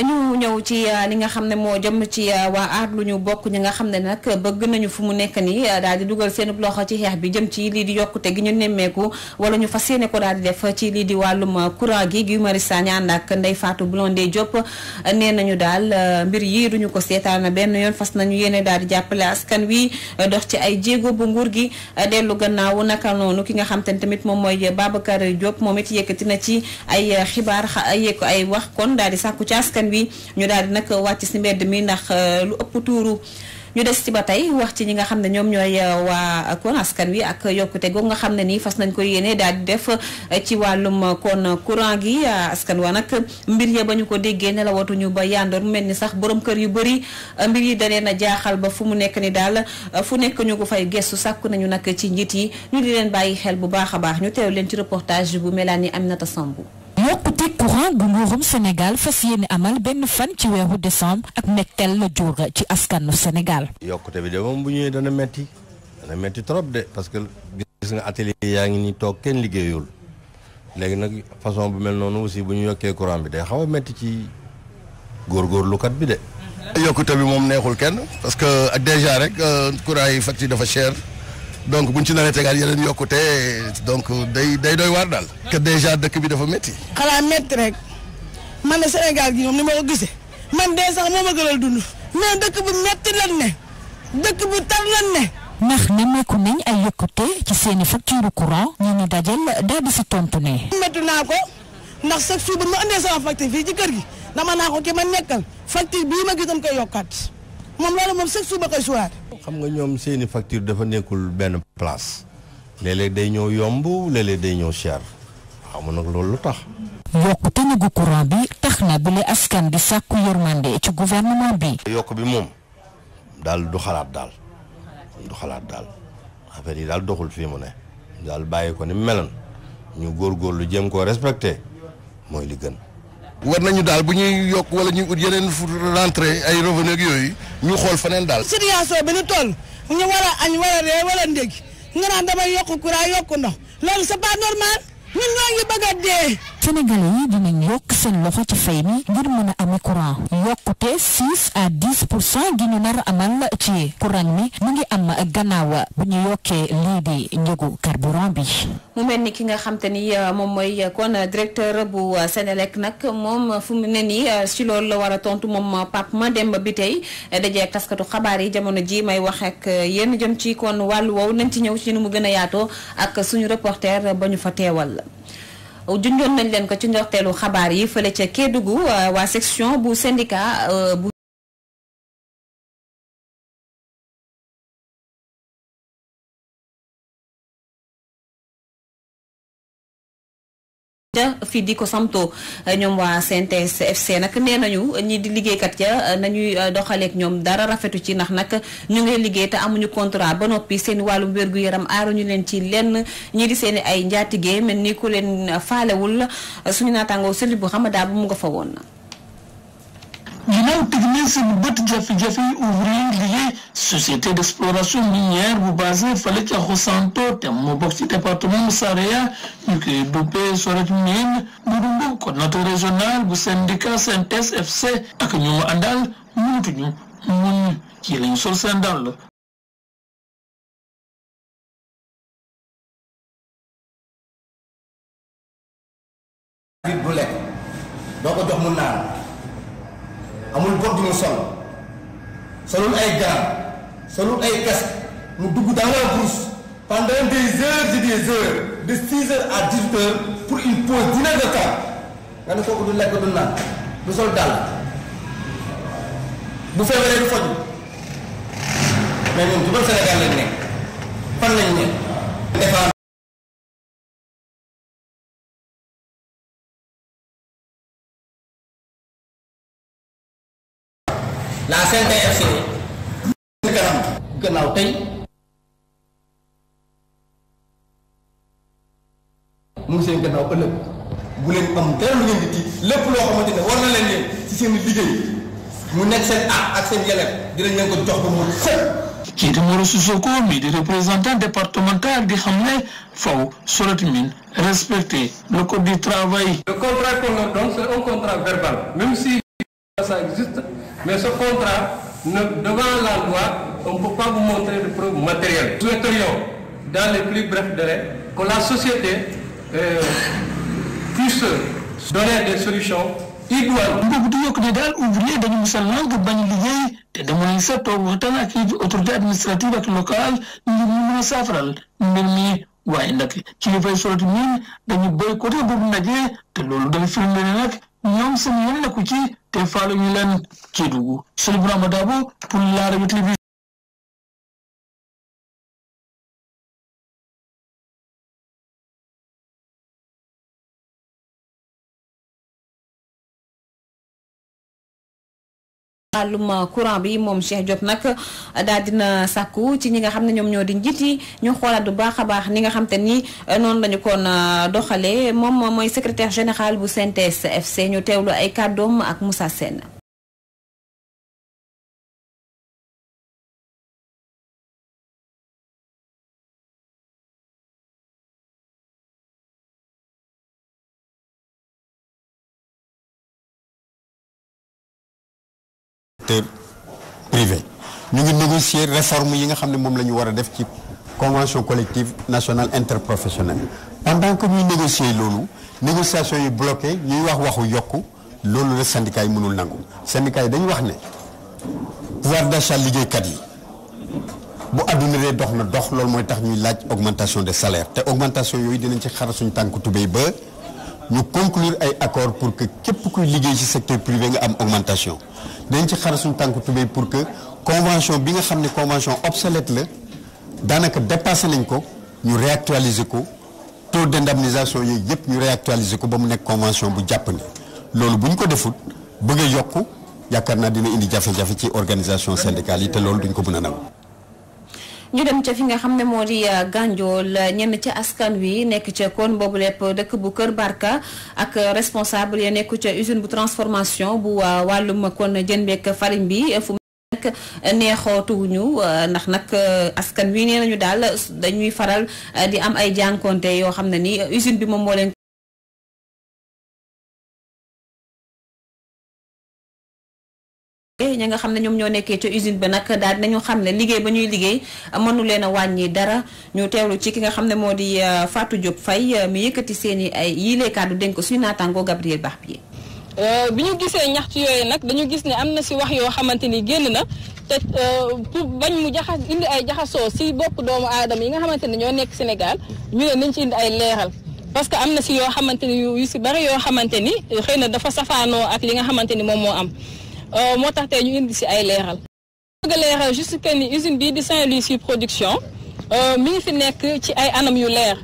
ñu ñëw ci euh, li nga xam ne moo jëm ci euh, waa aar lu ñu bokk ñi nga xam ne nag bëgg nañu fu mu nekk nii euh, daal dugal seen loxo ci xeex bi jëm ci lii di yokkute gi ñu nemmeeku wala ñu fas yéene ko daal def ci lii di wàllum courant gi Guy Marius ànd ak Ndeye Fatou Blondin Diop nee nañu daal mbir yi ko seetaan benn yoon fas nañu yéene daal di jàppale askan wi dox ci ay jéego bu nguur gi dellu gannaaw naka noonu ki nga xam te ne tamit moom mooy Babacar Diop moom it yëkkati na ci ay xibaar yëkk ay wax kon daal sàkku ci askan askan ñu daal di nag wàcc si mbedd mi ndax euh, lu ëpp tuuru. ñu des ci ba tey wax ci ñi nga xam ne ñoom ñooy euh, waa kon askan wi ak yokkute googu nga xam ne nii fas nañ ko yéene daal di def euh, ci wàllum kon courant gi askan wa nag mbir ya ba ñu ko déggee ne la watuñu ba yandoor mel ni sax borom kër yu bëri mbir yi daneen na jaaxal ba fu mu nekk ni daal fu nekk ñu ko fay gestu sàkk nañu nag ci njiit yi ñu di leen bàyyi xel bu baax a baax ñu teew leen ci reportage bu Mélanie Aminata Sambou yokkute courant gu nguurum Sénégal fas yéene amal benn fan ci weeru décembre ak mbégteel la jur ci askanu Sénégal. yokkute bi de moom bu ñëwee dana metti dana metti trop de parce que gis nga atelier yaa ngi ni toog kenn liggéeyul léegi nag façon bu mel noonu aussi bu ñu yokkee courant bi day xaw a metti ci góor góorgóorlukat bi de. yokkute bi moom neexul kenn parce que déjà rek euh, courant yi faj facture dafa cher. donc buñ ci nar a tegaat yeneen yokkute donc day day doy waar daal. que déjà dëkk bi dafa métti. xanaa métti rek man ne Sénégal gi moom ni ma ko gisee man dee sax moo ma gënal dund. mais dëkk bu métti lan ne dëkk tar lan ne. ndax nemmeeku nañ ay yokkute ci seeni facture naa ko ndax chaque jour bu ma indee sama facture fii ci kër gi dama naa ko ki ma nekkal facture bii ma gis koy yokkaat. moom loolu moom chaque jour xam nga ñoom seeni facture dafa nekkul benn place léeg-léeg day ñëw yomb léeg-léeg day ñëw cher xamu nag loolu lu tax. yokk te njëgu courant bi tax na bile askan bi sàkku yërmande ci gouvernement bi. yokk bi moom daal du xalaat daal du xalaat daal affaire yi daal doxul fii mu ne daal bàyyi ko ni meloon ñu góor góor lu jéem koo respecté mooy li gën. war nañu daal bu ñuy yokk wala ñuy ut yeneen rentrée ay revenu yooyu ñu xool faneen daal. situation bi ñu toll ñu war a añ war a ree wala ndéeg nga naan damay yokk courant yokk ndox loolu c'est pas normal ñun ñoo ngi bëgg a dee. sénégalais yi dinañ yokk seen loxo ci fay mi ngir mën a amee courant yokkute 6 à 10 pour cent gi ñu nar amal ci courant mi mu ngi am gannaaw bu ñu yokkee lii di njëgu carburant bi. mu mel ni ki nga xam te ni euh, moom mooy kon directeur bu euh, Sénélec nag moom fu ne nii euh, si loolu la war a tontu moom Pape Mademba bi tey dajee ak taskatu xabaar yi jamono ji may wax ak yéen jëm ci kon wàllu wow nañ ci ñëw ci nu mu gën a yaatoo ak suñu reporter ba ñu fa teewal. Euh, junjoon nañ leen ko ci njorteelu xabaar yi fële ca Kédougou euh, waa section bu syndicat euh, fii di ko samtoo eh, ñoom waa CNTS FC nag nee ñu ñi di liggéeykat ya eh, nañuy eh, doxaleek ñoom dara rafetu ci ndax nag ñu ngi liggéey te amuñu contrat ba noppi seen wàllum wérgu gu yaram aaruñu leen ci lenn ñi di seen ay njaatigee mel ni ku leen faalewul suñu naataangoo seli bu xamada bu mu nga fa woon Unaotegemea thibati jafe-jafe ouvrier lié société d'exploration minière bu basé fale ca Xosanto te mu bokk ci département Saraya ñu koy duppee Soret Mine bu dundu coordinateur régional bu syndicat CNTS FC ak ñu mu àndal mënatuñu muñ ci lañu sol seen dàll amul bor du mu sol solul ay gants solul ay casque mu dugg dans la brousse de des heures des heures de six heures à dix pour une pause d'une heure de temps nga ne kooku du lekk du naan du sol dàll bu feebaree du faju mais ñun du doon Sénégal lañ nekk fan lañ nekk. la CNTFC kanam mu nekk seen aar ak seen yelleef dinañ leen ko jox ba mu set kii di Mor Sissoko mi di représentant départemental di xam ne faw Soroti Mine respecter le code du travail. le contrat qu'on a donc c'est un contrat verbal même si Mais ce contrat, devant la loi, on ne peut pas vous montrer de preuves matérielles. Nous souhaiterions, dans les plus brefs délais, que la société euh, puisse donner des solutions idoines. bëgg di yokk ne daal ouvrier dañu mos a lank bañ liggéey te demoon sa toog waxtaan ak yi autorité administrative ak locale ngir ñu mën a saafaral ci li fay soloti miin dañu boycotté boobu ndaje te loolu dafa firnde ne nag ñoom seen yoon nekku ci te faalu ñu leen Kédougou Soli Bourama Dabo pour la radio télévision wàllum courant bi moom Cheikh jot nag daal dina sàkku ci ñi nga xam ne ñoom ñoo di njiit yi ñu xoolaat bu baax a baax ni nga xam ne ni euh, noonu la ñu koon euh, doxalee moom mooy secretaire général bu sent FC ñu teewlu ay kàddoom ak Moussa Sène initier réforme yi nga xam ne moom la ñu war a def ci convention collective nationale interprofessionnelle pendant que ñuy négocier loolu négociation yi bloqué ñuy wax waxu yokku loolu la syndicat yi mënul nangu syndicat yi dañu wax ne pouvoir d'achat liggéeykat yi bu àdduna dee dox na dox loolu mooy tax ñuy laaj augmentation de salaires te augmentation yooyu dinañ ci xara suñu tànk tubéy ba ñu conclure ay accord pour que képp kuy liggéey ci secteur privé nga am augmentation dinañ ci xara suñu tànk tubéy pour que convention bi nga xam ne convention obsolète la daanaka dépassé nañ ko ñu réactualiser ko tour de ndaminisation yooyu yëpp ñu réactualiser ko ba mu nekk convention bu jàpp ne loolu bu ñu ko deful bëgg a yokk yaakaar naa dina indi jafe-jafe ci organisation syndicale yi te loolu duñ ko mën a nangu. ñu dem ca fi nga xam ne moo di euh, Gandiol ñenn ca askan wi nekk ca kon boobu lépp dëkk bu Kër Barka ak responsable ya nekk ca usine bu transformation euh, nag neexootuwuñu euh, ndax nag euh, askan wi nee nañu daal dañuy faral euh, di am ay jànkonte yoo xam ne ni usine bi moom moo leen ñi nga xam ne ñoom ñoo nekkee ca usine ba nag daal nañu xam ne liggéey ba ñuy liggéey mënu leen a wàññi dara ñu teewlu ci ki nga xam ne moo di Fatou Diop Faye mi yëkkati seen i ay yii lee kàddu dénk ko suñu naataango Gabriel Barbier Euh, bi ñu gisee ñaxtu yooyu nag dañu gis ne am na si wax yoo xamante ni génn na te euh, pour bañ mu jaxa indi ay jaxasoo si bopp doomu aadama yi nga xamante ni ñoo nekk Sénégal ñu ne nañ ci indi ay leeral parce que am na si yoo xamante ni yu si bëri yoo xamante ni xëy na dafa safaanoo ak li nga xamante ni moom moo am euh, moo tax te ñu indi si ay leeral. bëgg a leeral que ni usine bii di saint si production mi ngi fi nekk ci ay anam yu leer.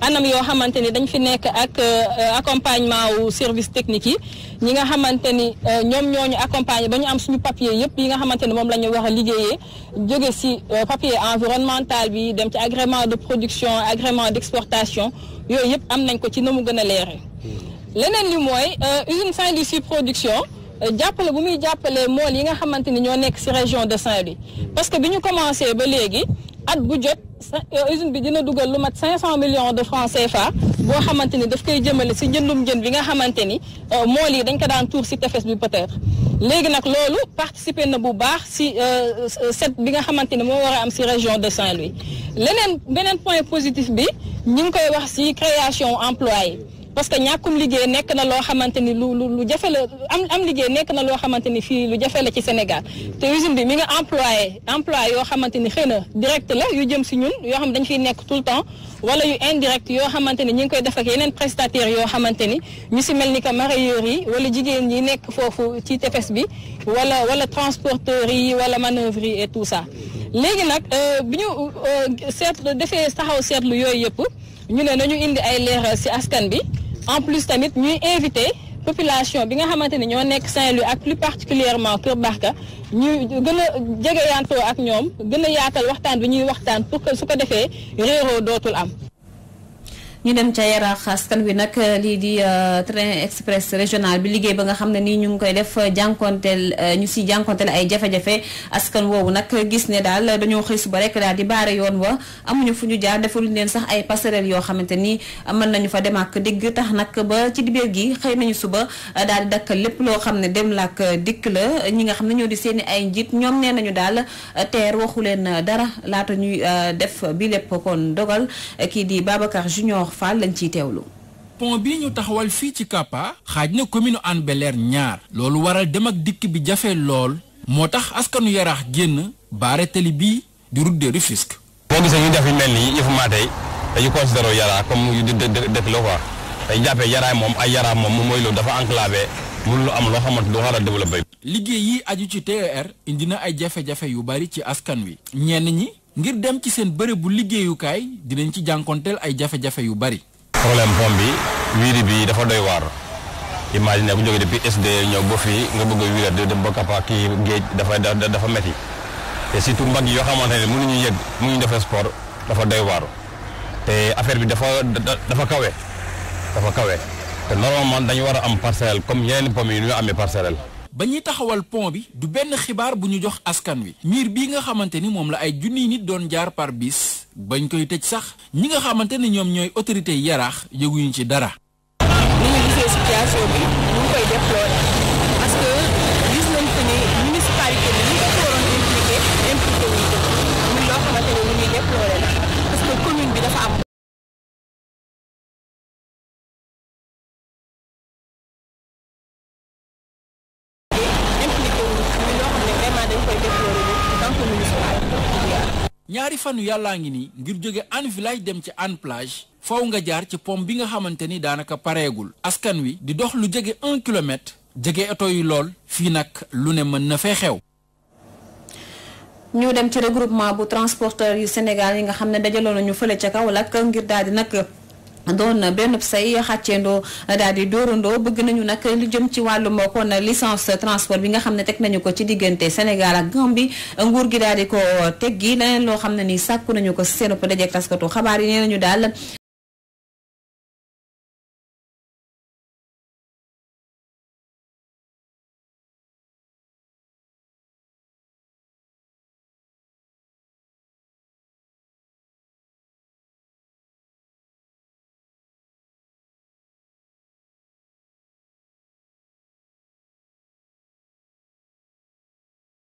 anam yoo xamante ni dañ fi nekk ak euh, accompagnement wu service technique yi ñi nga xamante ni euh, ñoom ñooñu ñu accompagner ba ñu am suñu papier yëpp yi nga xamante ni moom la wax a liggéeyee jóge ci euh, papier environnemental bi dem ci agrément de production agrément d'exportation yooyu yëpp am nañ ko ci na mu gën a leere leneen li mooy usine Saint-Louis si production jàppale bu muy jàppale mool yi nga xamante ni ñoo nekk si région de Saint-Louis parce que bi ñu commencé ba léegi. at bu jot euh, usine bi dina dugal lu mat 500 millions de francs CFA boo xamante ni daf koy jëmale si njëndum jën bi nga xamante ni euh, mool yi dañ ko daan tour si tefes bi peut-être léegi nag loolu participer na bu baax si euh, set bi nga xamante ni moo war a am si région de Saint-Louis leneen beneen point positif bi ñu ngi koy wax si création emploi parce que ñàkkum liggéey nekk na loo xamante ni lu lu jafe la am am liggéey nekk na loo xamante ni fii lu jafe la ci Sénégal mm. te usine bi mi nga emploi emploi yoo xamante ni xëy na direct la yu jëm si ñun yoo xam dañ fiy nekk tout le temps wala yu indirect yoo xamante ni ñu ngi koy def ak yeneen prestataires yoo xamante ni ñu si mel ni que mareyeurs yi wala jigéen ñi nekk foofu ci tefes bi wala wala transporteurs yi wala manœuvres yi et tout ça léegi nag euh, bi ñu euh, seetlu defee taxaw seetlu yooyu yëpp ñu ne nañu indi ay leeral si askan bi en plus tamit ñuy invité population bi nga xamante ni ñoo nekk Saint-Louis ak plus particulièrement Kër Barka ñu gën a jegeyantoo ak ñoom gën a yaatal waxtaan bi ñuy waxtaan pour que su ko defee réeroo dootul am ñu dem ca yaraax askan wi nag euh, lii di euh, train express régional bi liggéey ba nga xam ne nii ñu ngi koy def euh, jànkonteel ñu si jànkonteel ay jafe-jafe askan woowu nag gis ne daal dañoo xëy suba rek daal di baare yoon wa amuñu fu ñu jaar defaluñ leen sax ay passerelle yoo xamante ni mën nañu fa dem digg tax nag ba ci dibéer gi xëy nañu suba daal di dakkal lépp loo xam ne dem laak dikk la ñi nga xam ne ñoo di seeni ay njiit ñoom nee nañu daal teer waxu leen dara laata ñuy def bi lépp kon dogal kii di Babacar Junior Fall lañ ciy teewlu. pont bi ñu taxawal fii ci Kapa xaaj na commune Hann bel ñaar loolu waral dem ak dikk bi jafe lool moo tax askanu yaraax génn baare tali bi di route de Rufisque. boo gisee ñu def yu mel nii yëfu maa tey dañu considéré yaraax comme yu dëkk la quoi dañu jàppee yaraax moom ay yaraax moom mooy loolu dafa enclavé lu am loo xamante lu war a développé. liggéey yi aju ci TER indi na ay jafe-jafe yu bari ci askan wi ñenn ñi. ngir dem ci seen bërëbu liggéeyukaay dinañ ci jànkonteel ay jafe-jafe yu bari. problème pom bi wiiri bi dafa doy waar imagine ku de depuis SDE ñëw ba fi nga bëgg a wiira dem ba kappa kii géej dafa dafa métti te surtout mag yoo xamante ne mënuñu yëg mënuñu defee sport dafa doy waar te affaire bi dafa dafa kawe dafa kawe te normalement dañu war a am parcelle comme yeneen pom yi ñu amee parcelle. ba ñuy taxawal pont bi du benn xibaar bu ñu jox askan wi miir bii nga xamante ni moom la ay junniy nit doon jaar par bis bañ koy tëj sax ñi nga xamante ni ñoom ñooy autorité yaraax yëguñu ci dara. ñaari fanu yàllaa ngi nii ngir jóge Hann Village dem ci Hann Plage nga jaar ci pont bi nga xamante ni daanaka pareegul askan wi di dox lu jege un kilomètre jege oto yi lool fii nag lu ne mën na fee xew. ñu dem ci regroupement bu transporteur yu Sénégal yi nga xam ne dajaloo nañu fële ca Kaolack ngir daal di doon benn say xàcceendoo daal di dóorandoo bëgg nañu nag lu jëm ci wàllum kon licence transport bi nga xam ne teg nañu ko ci diggante Sénégal ak Gambie nguur gi daal di ko teg teggi leen loo xam ne ni sàkku nañu ko seen dajeek taskatu xabaar yi nee nañu daal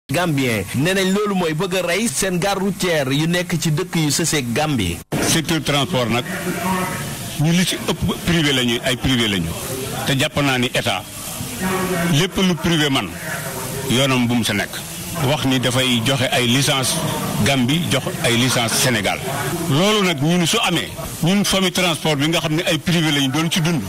Gambien nee nañ loolu mooy bëgg rey seen gare routière yu nekk ci dëkk yu sësee Gambie. secteur transport nag ñu li ci ëpp privé la ay privé la ñu te jàpp naa ni état lépp lu privé man yoonam bu mu sa nekk. wax ni dafay joxe ay licence Gambie jox ay licence Sénégal loolu nag ñun su amee ñun famille transport bi nga xam ne ay privé la ñu doon ci dund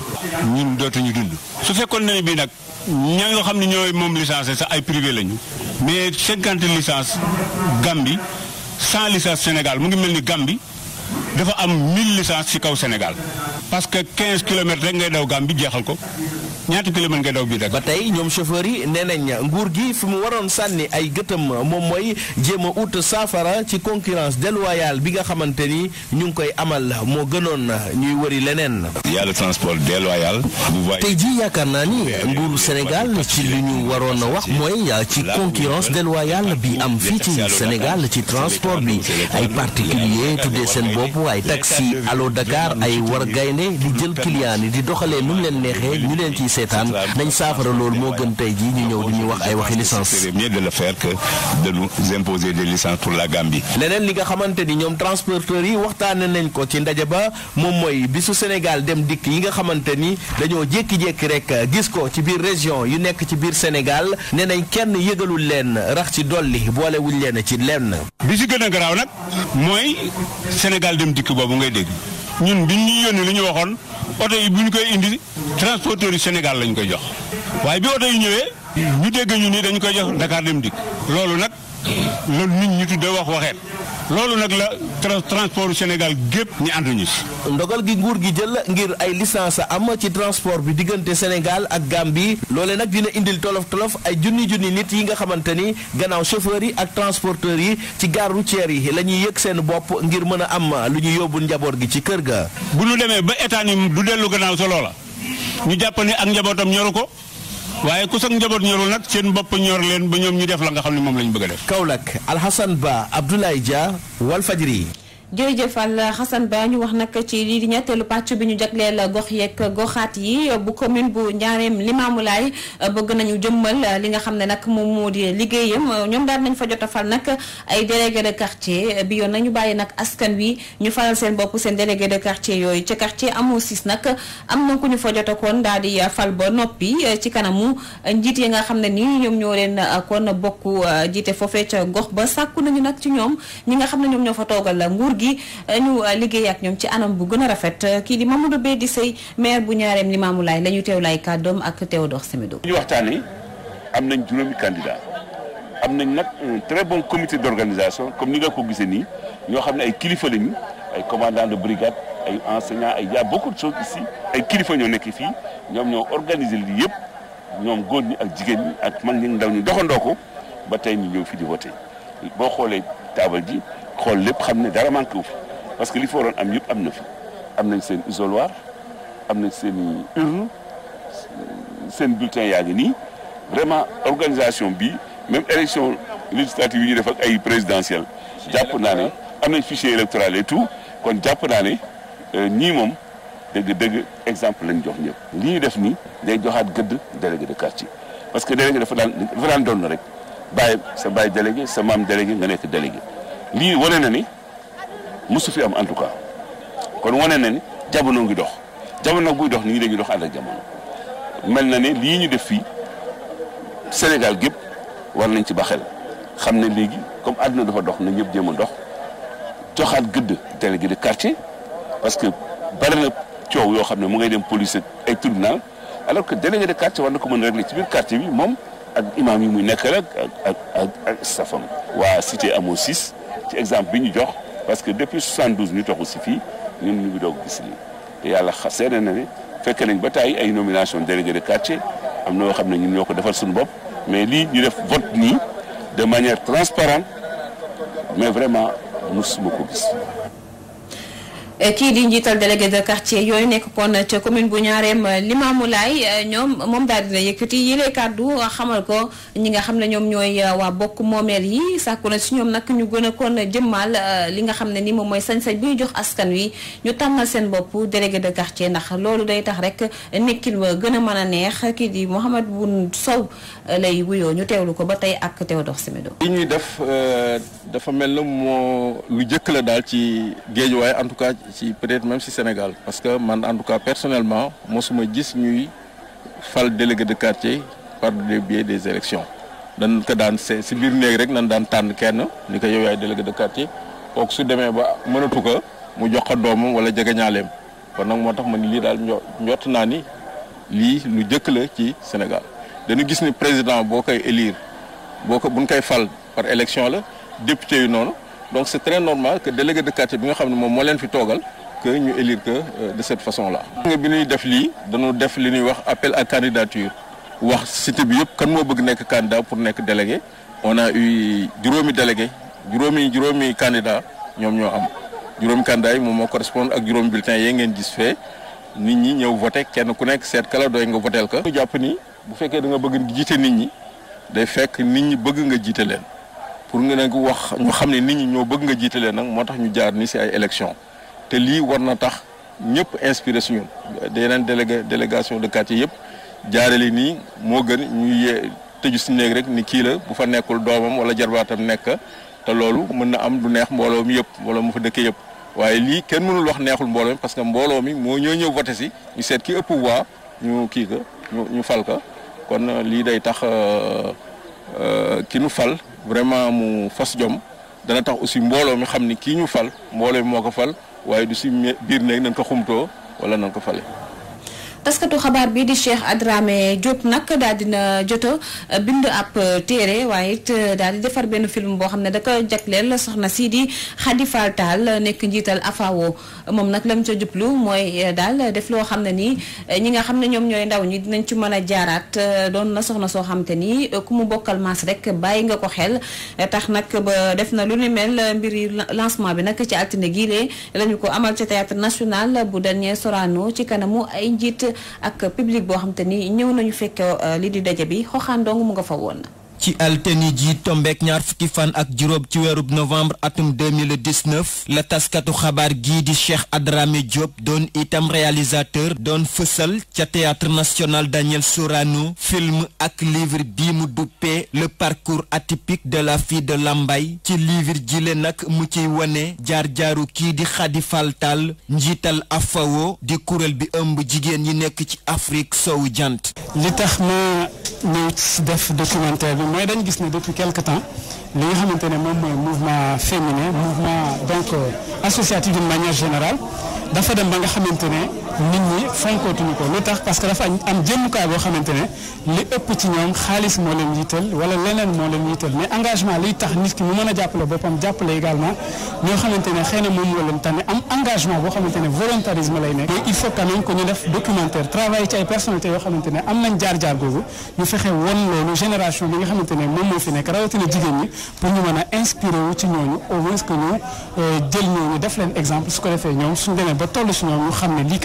ñun ñu dund su fekkoon ne bii nag ña nga xam ne ñooy moom licence sax ay privé la ñu mais cinquante licence Gambie cent licence Sénégal mu ngi mel ni Gambie dafa am mille licence ci kaw Sénégal parce que quinze kilomètres rek ngay daw Gambie jeexal ko ñaata kilomètre nga daw bi ba tey ñoom chauffeur yi nee nañ nguur gi fi mu waroon sànni ay gëtëm moom mooy jéem a ut saafara ci concurrence déloyale bi nga xamante ni ñu ngi koy amal moo gënoon ñuy wëri leneen. y a le transport déloyal. jii yaakaar naa ni nguuru Sénégal ci li ñu waroon wax mooy ci concurrence déloyale bi am fii ci Sénégal ci transport bi ay particulier tuddee seen bopp ay taxi allo Dakar ay war gaynde di jël client yi di doxalee nu leen neexee ñu leen ciy seetaan nañ saafara loolu moo gën tey jii ñu ñëw di wax ay waxi licence. c'est mieux de le faire que de nous imposer des pour la Gambie. leneen li nga xamante ni ñoom transporteurs yi waxtaane nañ ko ci ndaje ba moom mooy bisu Sénégal dem dikk yi nga xamante ni dañoo jékki-jékki rek gis ko ci biir région yu nekk ci biir Sénégal nee nañ kenn yëgalul leen rax ci dolli boolewuñ leen ci lenn. bi si gën a garaaw nag mooy Sénégal dem dikk boobu ngay dégg. ñun bi ñu yónni lu ñu waxoon oto yi bu ñu koy indi transporteurs yi Sénégal lañ koy jox waaye bi oto yi ñëwee. ñu dégg ñu ni dañu koy jox Dakar dem dikk loolu nag la nit ñi tudde wax waxeet loolu nag la transport Sénégal gépp ñu ànduñu si. ndogal gi nguur gi jël ngir ay licence am ci transport bi diggante Sénégal ak Gambie loole nag dina indil tolof tolof ay junni junni nit yi nga xamante ni gannaaw chauffeurs yi ak transporteurs yi ci gare routière yi la ñuy yëg seen bopp ngir mën a am lu ñu yóbbu njaboot gi ci kër ga. bu ñu demee ba état ni du dellu gannaaw sa loola ñu jàpp ne ak njabootam ñoru ko. waaye ku sax njaboot ñorul nag seen bopp ñor leen ba ñoom ñu def la nga xam ne moom lañ bëgg a def. Kaolack Alhassane Ba Abdoulaye Dia Walfadjri jërëjëfal Xasan Ba ñu wax nag ci lii di ñetteelu pàcc bi ñu jagleel gox yeeg goxaat yi bu commune bu Ndiarème Limamoulaye bëgg nañu jëmmal li nga xam ne nag moom moo di liggéeyam ñoom daal nañ fa jot a nag ay délégué de bi yoon nañu bàyyi nag askan wi ñu faral seen bopp seen délégué de quartier yooyu ca quartier amoo sis nag am na ku ñu fa jot a daal di fal ba noppi ci kanamu njiit yi nga xam ne nii ñoom ñoo leen kon bokk jiite foofee ca gox ba sàkku nañu nag ci ñoom ñi nga xam ne ñoom ñoo fa toogal nguur gi eh, ñu eh, liggéey ak ñoom ci anam bu gën a rafet eh, kii di Mamadou Bedi Sey maire bu ñaareem Limamoulaye la ñu teew laay kàddoom ak Théodore Semedo ñu waxtaanee am nañ juróomi candidat am nañ nag un très bon comité d'organisation comme ni nga ko gisee nii ñoo xam ne ay kilifa lañu ay commandant de brigade ay enseignants ay ya beaucoup de choses ici ay kilifa ñoo nekk fii ñoom ñoo organise lii yëpp ñoom góor ñi ak jigéen ñi ak mag ñi ndaw ñi doxandoo ko ba tey ñu ñëw fi di voté boo xoolee taabal ji xool lépp xam ne dara manqué wu fa parce que li fa waroon am yëpp am na fi am nañ seen isoloir am nañ seen i seen bulletin yaa ngi nii vraiment organisation bi même élection législative yi ñu ay présidentielle jàpp naa ne am nañ fichier électoral et tout kon jàpp naa ne euh, ñii moom dëgg-dëgg exemple lañ jox ñëpp li ñu def nii day joxaat gëdd délégué de quartier parce que délégué dafa daan dafa daan doon rek bàyyi sa bàyyi délégué sa maam délégué nga nekk délégué lii wane na ni mosu fi am en tout cas kon wane na ni jamono ngi dox jamono buy dox nit ñi ngi dox ànd ak jamono mel na ne lii ñu def fii Sénégal gépp war nañ ci xel xam ne léegi comme àdduna dafa dox nañ ñëpp jéem a dox joxaat gëdd délégué de quartier parce que bari na coow yoo xam ne mu ngay dem police ay tribunal alors que délégué de quartier war na ko mën régler ci biir quartier bi moom ak imam yi muy nekk rek ak ak ak ak staffam waa cité amoo 6 ci exemple bi ñu jox parce que depuis 72 ñu toxu si fii ñun ñu ngi doog gis lii yàlla xa seede na ne fekke nañ ba tey ay nomination délégué de quartier am na yoo xam ne ñun ñoo ko defal suñu bopp mais lii ñu def vote nii de manière transparente mais vraiment musuma ko gis Eh, kii di njiital délégué de quartier yooyu nekk kon ca commune bu ñaareem eh, Limamoulaye eh, ñoom moom daal dina yëkkati yile kàddu xamal ko ñi nga xam ne ñoom ñooy waa bokk moomeel yi sàkku na si ñoom nag ñu gën a kon jëmmal li nga xam ne ni moom mooy sañ-sañ bi jox askan wi ñu tàmmal seen bopp délégué de quartier ndax loolu day tax rek nekkin wa gën a mën a neex kii di Mouhamed Boun Sow lay wuyoo ñu teewlu ko ba tey ak Théodore Semedo li ñuy def dafa mel na moo lu jëkk la daal ci géejuwaay en tout cas ci peut-être même si Sénégal parce que man en tout cas personnellement mosuma gis ñuy fal délégué de quartier par le des élections dañ ko daan see si biir néeg rek nan daan tànn kenn ni ko yow yaay délégué de quartier kooku su demee ba mënatu ko mu jox ko doomam wala jegeñaaleem kon nag moo tax ma ni lii daal njott naa ni lii lu jëkk la ci Sénégal dañu gis ni président boo koy élire boo ko buñ koy fal par élection la député yu noonu donc c' est très normal que délégué de quartier bi nga xam ne moom moo leen fi toogal que ñu élire que euh, de cette façon là. nga bi ñuy def lii dañu def li ñuy wax appel à candidature wax cité bi yëpp kan moo bëgg nekk candidat pour nekk délégué on a eu juróomi délégué juróomi juróomi candidat ñoom ñoo am juróomi candidat moom moo correspondre ak juróomi bulletin yee ngeen gis fee nit ñi ñëw voté kenn ku nekk seet kala doy nga voteel ka ñu jàpp ni bu fekkee da bëgg jiite nit ñi day fekk nit ñi bëgg nga jiite leen. pour nga ko wax ñu xam ne nit ñi ñoo bëgg nga jiitalee nag moo tax ñu jaar ni si ay élection te lii war na tax ñëpp inspiré suñu yeneen délégué délégation de quartier yëpp jaarale nii moo gën ñu ye tëju si néeg rek ni kii la bu fa nekkul doomam wala jarbaatam nekk te loolu mën na am du neex mbooloo mi yëpp mbooloo mu fa dëkkee yëpp waaye lii kenn mënul wax neexul mbooloo mi parce que mbooloo mi moo ñoo ñëw voté si ñu seet ki ëpp waa ñu kii ka ñu ñu fal ka kon lii day tax euh, euh, ki nu fal vraiment mu fas jom dana tax aussi mbooloo mi xam ni kii ñu fal mboolo mi moo ko fal waaye du si biir néeg nañ ko xumtoo wala nañ ko fale taskatu xabaar bi di Cheikh Adramé jot nag daal dina jot uh, bind ab uh, téere waaye it uh, daal di defar benn film boo xam ne da ko la soxna sii di Khady Fall Tall nekk njiital AFAO moom nag lam ca jublu mooy daal def loo xam ne nii ñi nga xam ne ñoom ñooy ndaw ñi dinañ ci mën a jaaraat doon na soxna soo xam te ni ku mu bokkal maas rek bàyyi nga ko xel tax nag ba def na lu ni mel mbiri lancement bi nag ci altine gii lañu ko amal ci théâtre national bu dernier Sorano ci kanamu ay njiit ak public boo xam te ni ñëw nañu fekk euh, lii di daje bi xoxaan dong mu nga fa woon. ci altine ji tombeek ñaar fukki fan ak juróom ci weerub novembre atum 2019 la taskatu xabaar gi di Cheikh Adrame Diop doon itam réalisateur doon fësal ca théâtre national Daniel Sorano film ak livre bii mu duppe le parcours atypique de la fille de lambay ci livre jile nag mu ci wane jaar-jaaru kii di Khady Fall njiital AFAO di kuréel bi ëmb jigéen yi nekk ci Afrique sowu jant li tax ma ñëw def documentaire bi mooy dañ gis ne depuis quelque temps li nga xamante ne moom mooy mouvement féminin mouvement donc euh, associatif d'une manière générale dafa dem ba nga xamante ne nit ñi fonkootuñu ko lu tax parce que dafa am jëmukaay boo xamante ne li ëpp ci ñoom xaalis moo leen yitteel wala leneen moo leen mais engagement liy tax nit ki mu mën a jàppale boppam jàppale également ñoo xamante ne xëy na moom moo leen tànn am engagement boo xamante ne volontarisme lay nekk. mais il faut quand même que ñu def documentaire travail ci ay personnalités yoo xamante ne am nañ jaar-jaar googu ñu fexe won loolu génération bi nga xamante ne moom moo fi nekk rawatina jigéen ñi pour ñu mën a inspiré wu ci ñooñu au moins que ñu euh, jël ñooñu def leen exemple su ko defee ñoom su demee ba toll xam ne lii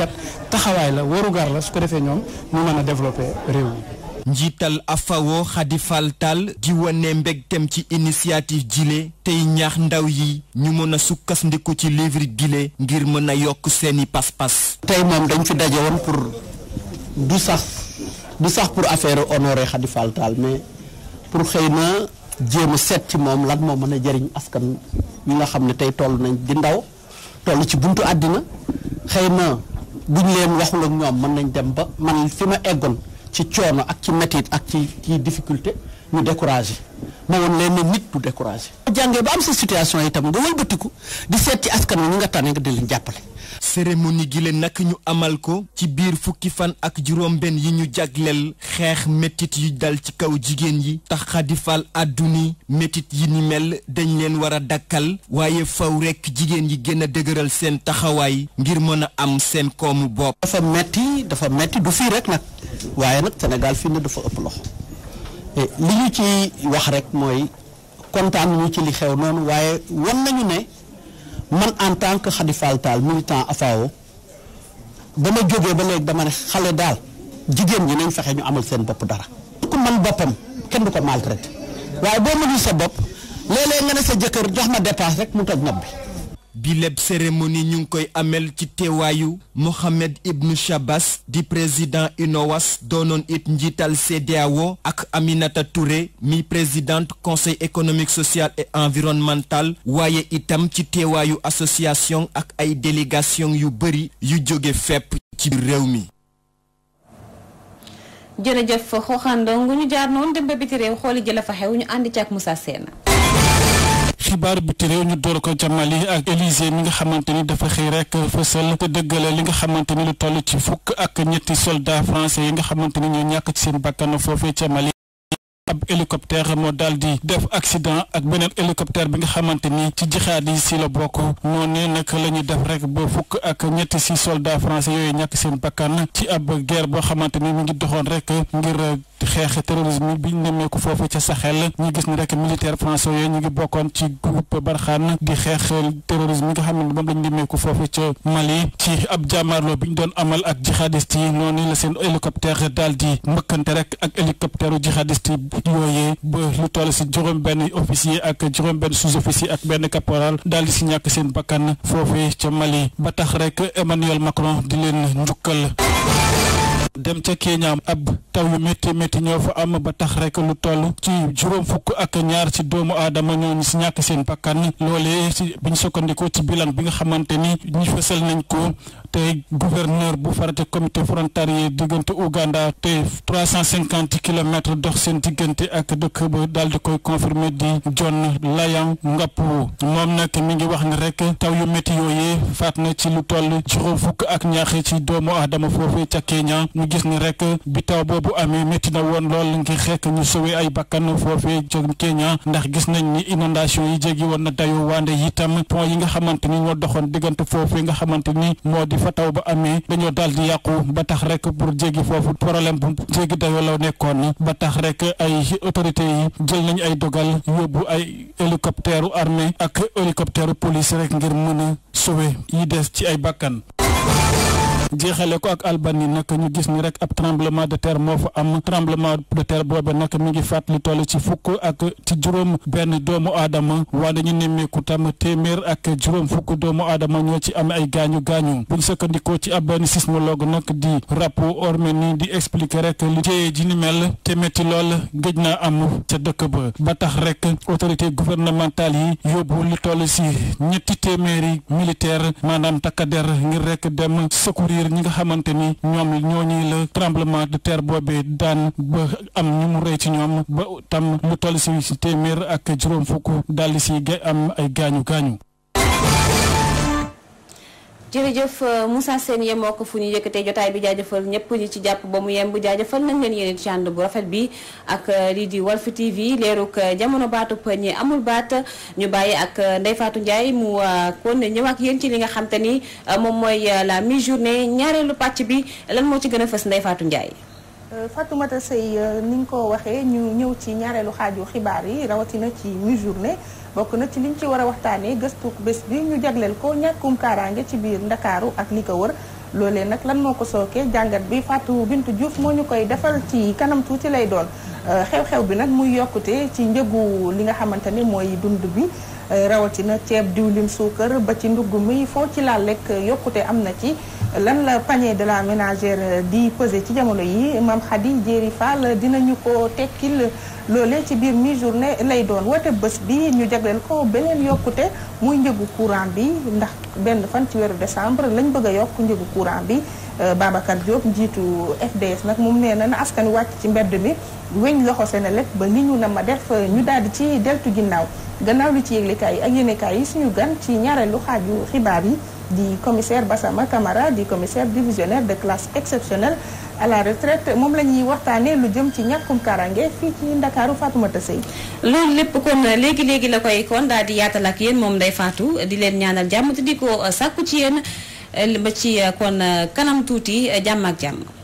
taxawaay la warugar la su ko defee ñoom mu mën a développer réew mi. njiital AFAO Khady Fall Tall di wane mbegteem ci initiative jile tey ñaax ndaw yi ñu mën a sukkandiku ci livre bile ngir mën a yokk seeni pas-pas. tey moom dañ fi daje woon pour du sax du sax pour affaire honoré Khady Fall Tall mais pour xëy na jéem a seet ci moom lan moo mën a jariñ askan ñi nga xam ne tey toll nañ di ndaw toll ci buntu àddina xëy na. buñ leen waxul ak ñoom mën nañ dem ba man fi ma eggoon ci coono ak ci métit ak ci ci difficulté ñu découragé ma woon leen ne nit du découragé. jàngee ba am sa situation itam nga wëlbatiku di seet ci askan wi ñu nga tànne nga di leen jàppale. cérémonie gi leen nag ñu amal ko ci biir fukki fan ak juróom-benn yi ñu jagleel xeex métit yu dal ci kaw jigéen yi tax Khady Fall àdduni métit yi ni mel dañ leen war a dakkal waaye faw rekk jigéen yi gën a dëgëral seen taxawaay ngir mën a am seen koomu bopp. dafa metti dafa metti du fii rekk nag waaye nag Sénégal fii ne dafa li ñu ci wax rek mooy kontaan nañu ci li xew noonu waaye wan nañu ne man en tant que Khady Fall Tall militant AFAO ba jógee ba léegi dama ne xale daal jigéen ñi nañ fexe ñu amal seen bopp dara. ku man boppam kenn du ko maltraité waaye boo mënul sa bopp léeg-léeg nga ne sa jëkkër jox ma dépense rek mu toj nopp bi. bi lépp cérémonie ñu ngi koy amel ci teewaayu Mohamed Ibn Chabas di président UNOWAS doonoon it njiital CEDEAO ak Aminata Touré mi présidente conseil économique social et environnemental waaye itam ci teewaayu association ak ay délégation yu bëri yu jóge fepp ci réew mi. jërëjëf xooxandoo ngu ñu jaar noonu dem ba biti ñu ànd ci ak Moussa Sène xibaar biti réew ñu door ko ca Mali ak Élysée mi nga xamante ni dafa xëy rek fësal te dëggale li nga xamante ni lu toll ci fukk ak ñetti soldat français yi nga xamante ni ñoo ñàkk ci seen bakkan foofee ca Mali ab hélicoptère moo daal di def accident ak beneen hélicoptère bi nga xamante ni ci jexaat yi si la bokk moo ne nag la ñu def rek ba fukk ak ñett si soldat français yooyu ñàkk seen bakkan ci ab guerre boo xamante ni mu ngi doxoon rek ngir xeexi terrorisme bi ñu nemmeeku foofu ca Sahel ñu gis ni rek militaire français yooyu ñu ngi bokkoon ci groupe Barkhane di xeex terrorisme yi nga xam ne moom lañ nemmeeku foofu ca Mali ci ab jàmmaarloo bi ñu doon amal ak jihadiste yi noonu la seen hélicoptère daal di mbëkkante rek ak hélicoptère jihadiste yooyee ba lu toll si juróom-benn officier ak juróom-benn sous-officier ak benn caporal daal di si ñàkk seen bakkan foofu ca Mali ba tax rek Emmanuel Macron di leen njukkal. dem ca Kenya ab taw yu métti métti ñoo fa am ba tax rek lu toll ci juróom fukk ak ñaar ci doomu aadama ñooñu si ñàkk seen bakkan loolee si buñ sukkandiku ci bilan bi nga xamante ni ñi fësal nañ ko te gouverneur bu farate comité frontalier diggante Ouganda te trois cent cinquante kilomètres dox seen diggante ak dëkk ba daal di koy confirmer di John Layan Ngappo moom nag mi ngi wax ni rek taw yu métti yooyee faat na ci lu toll juróom fukk ak ñaar ci doomu aadama foofee ca Kenya ñu gis ni rek bi taw boobu amee métti na woon lool ngir rek ñu sauvé ay bakkan foofee ca Kenya ndax gis nañ ni inondation yi jéggi woon na dayo waande itam pont yi nga xamante ni ñoo doxoon diggante foofee nga xamante ni moo di fa taw ba amee dañoo daal di yàqu ba tax rek pour jéggi foofu problème bu jéggi dayoo la nekkoon ba tax rek ay autorités yi jël nañ ay dogal yóbbu ay hélicoptère armée ak hélicoptère police rek ngir mën a sauvé yi des ci ay bakkan jeexale ko ak Albanie nag ñu gis ni rek ab tremblement de terre moo fa am tremblement de terre boobe nag mi ngi faat lu toll ci fukk ak ci juróom benn doomu aadama waa dañu nemmeeku tam téeméer ak juróom fukk doomu aadama ñoo ci am ay gaañu gaañu buñ sëkkandikoo ci ab benn sismologue nag di rapport Arménie di explique rek li jéyee ji ni mel te métti lool gëj naa am ca dëkk ba ba tax rek autorité gouvernementale yi yóbbu lu toll si ñetti téeméeri militaire maanaam takkader ngir rek dem ñi nga xamante ni ñoo ñooñu la tremblement de terre boobee daan ba am ñu mu rëy ci ñoom ba tam mu toll si téeméer ak juróom fukk daal di si am ay gaañu gaañu. jërëjëf euh, Moussa Sène yemoo ko fu ñu yëkkatee jotaay bi jaajëfal ñëpp ñu ci jàpp ba mu yemb jaajafal nañ leen yéen ci ànd bu rafet bi ak euh, lii di Walf TV leeruk euh, jamono baatu ñi amul baat ñu bàyyi ak Ndeye Fatou Ndiaye mu kon ñëw ak yéen ci li nga xam ni moom mooy la mi-journée ñaareelu pàcc bi lan moo ci gën a fës Ndeye Fatou Ndiaye. Fatoumata Seye ni nga ko waxee ñu ñëw ci ñaareelu xaaju xibaar yi rawatina ci mi-journée. bokk na ci li ñu ci war a waxtaanee gëstu bés bi ñu jagleel ko ñàkkum kaaraange ci biir ndakaaru ak li ko wër loolee nag lan moo ko sookee jàngat bi Fatou Bintou Diouf moo ñu koy defal ci kanam tuuti lay doon euh, xew-xew bi nag muy yokkute ci njëgu li nga xamante ni mooy dund bi euh, rawatina ceeb diwlin suukar ba ci ndugg mi foo ci laal rek yokkute am na ci lan la panier de la ménager di peser ci jamono yi Mame Khady Diéry Fall dinañu ko tekkil loolee ci biir mi-journée lay doon wote bés bi ñu jagleel ko beneen yokkute muy njëgu courant bi ndax benn fan ci weeru décembre lañ bëgg a yokk njëgu courant bi euh, Babacar Diop njiitu FDS nag moom nee na na askan wàcc ci mbedd mi weñ loxo lekk ba ni ñu na ma def ñu daal di ci deltu ginnaaw gannaaw li ci yëglekaay yi ak yéenekaay yi suñu gan ci ñaareelu xaaju xibaar yi di commissaire Bassama Camara di commissaire divisionnaire de classe exceptionnelle à la retraite moom la ñuy waxtaanee lu jëm ci ñàkkum karange fii ci Ndakaaru Fatoumata Seye loolu lépp kon léegi léegi la koy kon daal di yaatal ak yéen moom day Fatou di leen ñaanal jàmm te di ko sàkku ci yéen ba ci kon kanam tuuti jàmm ak jàmm.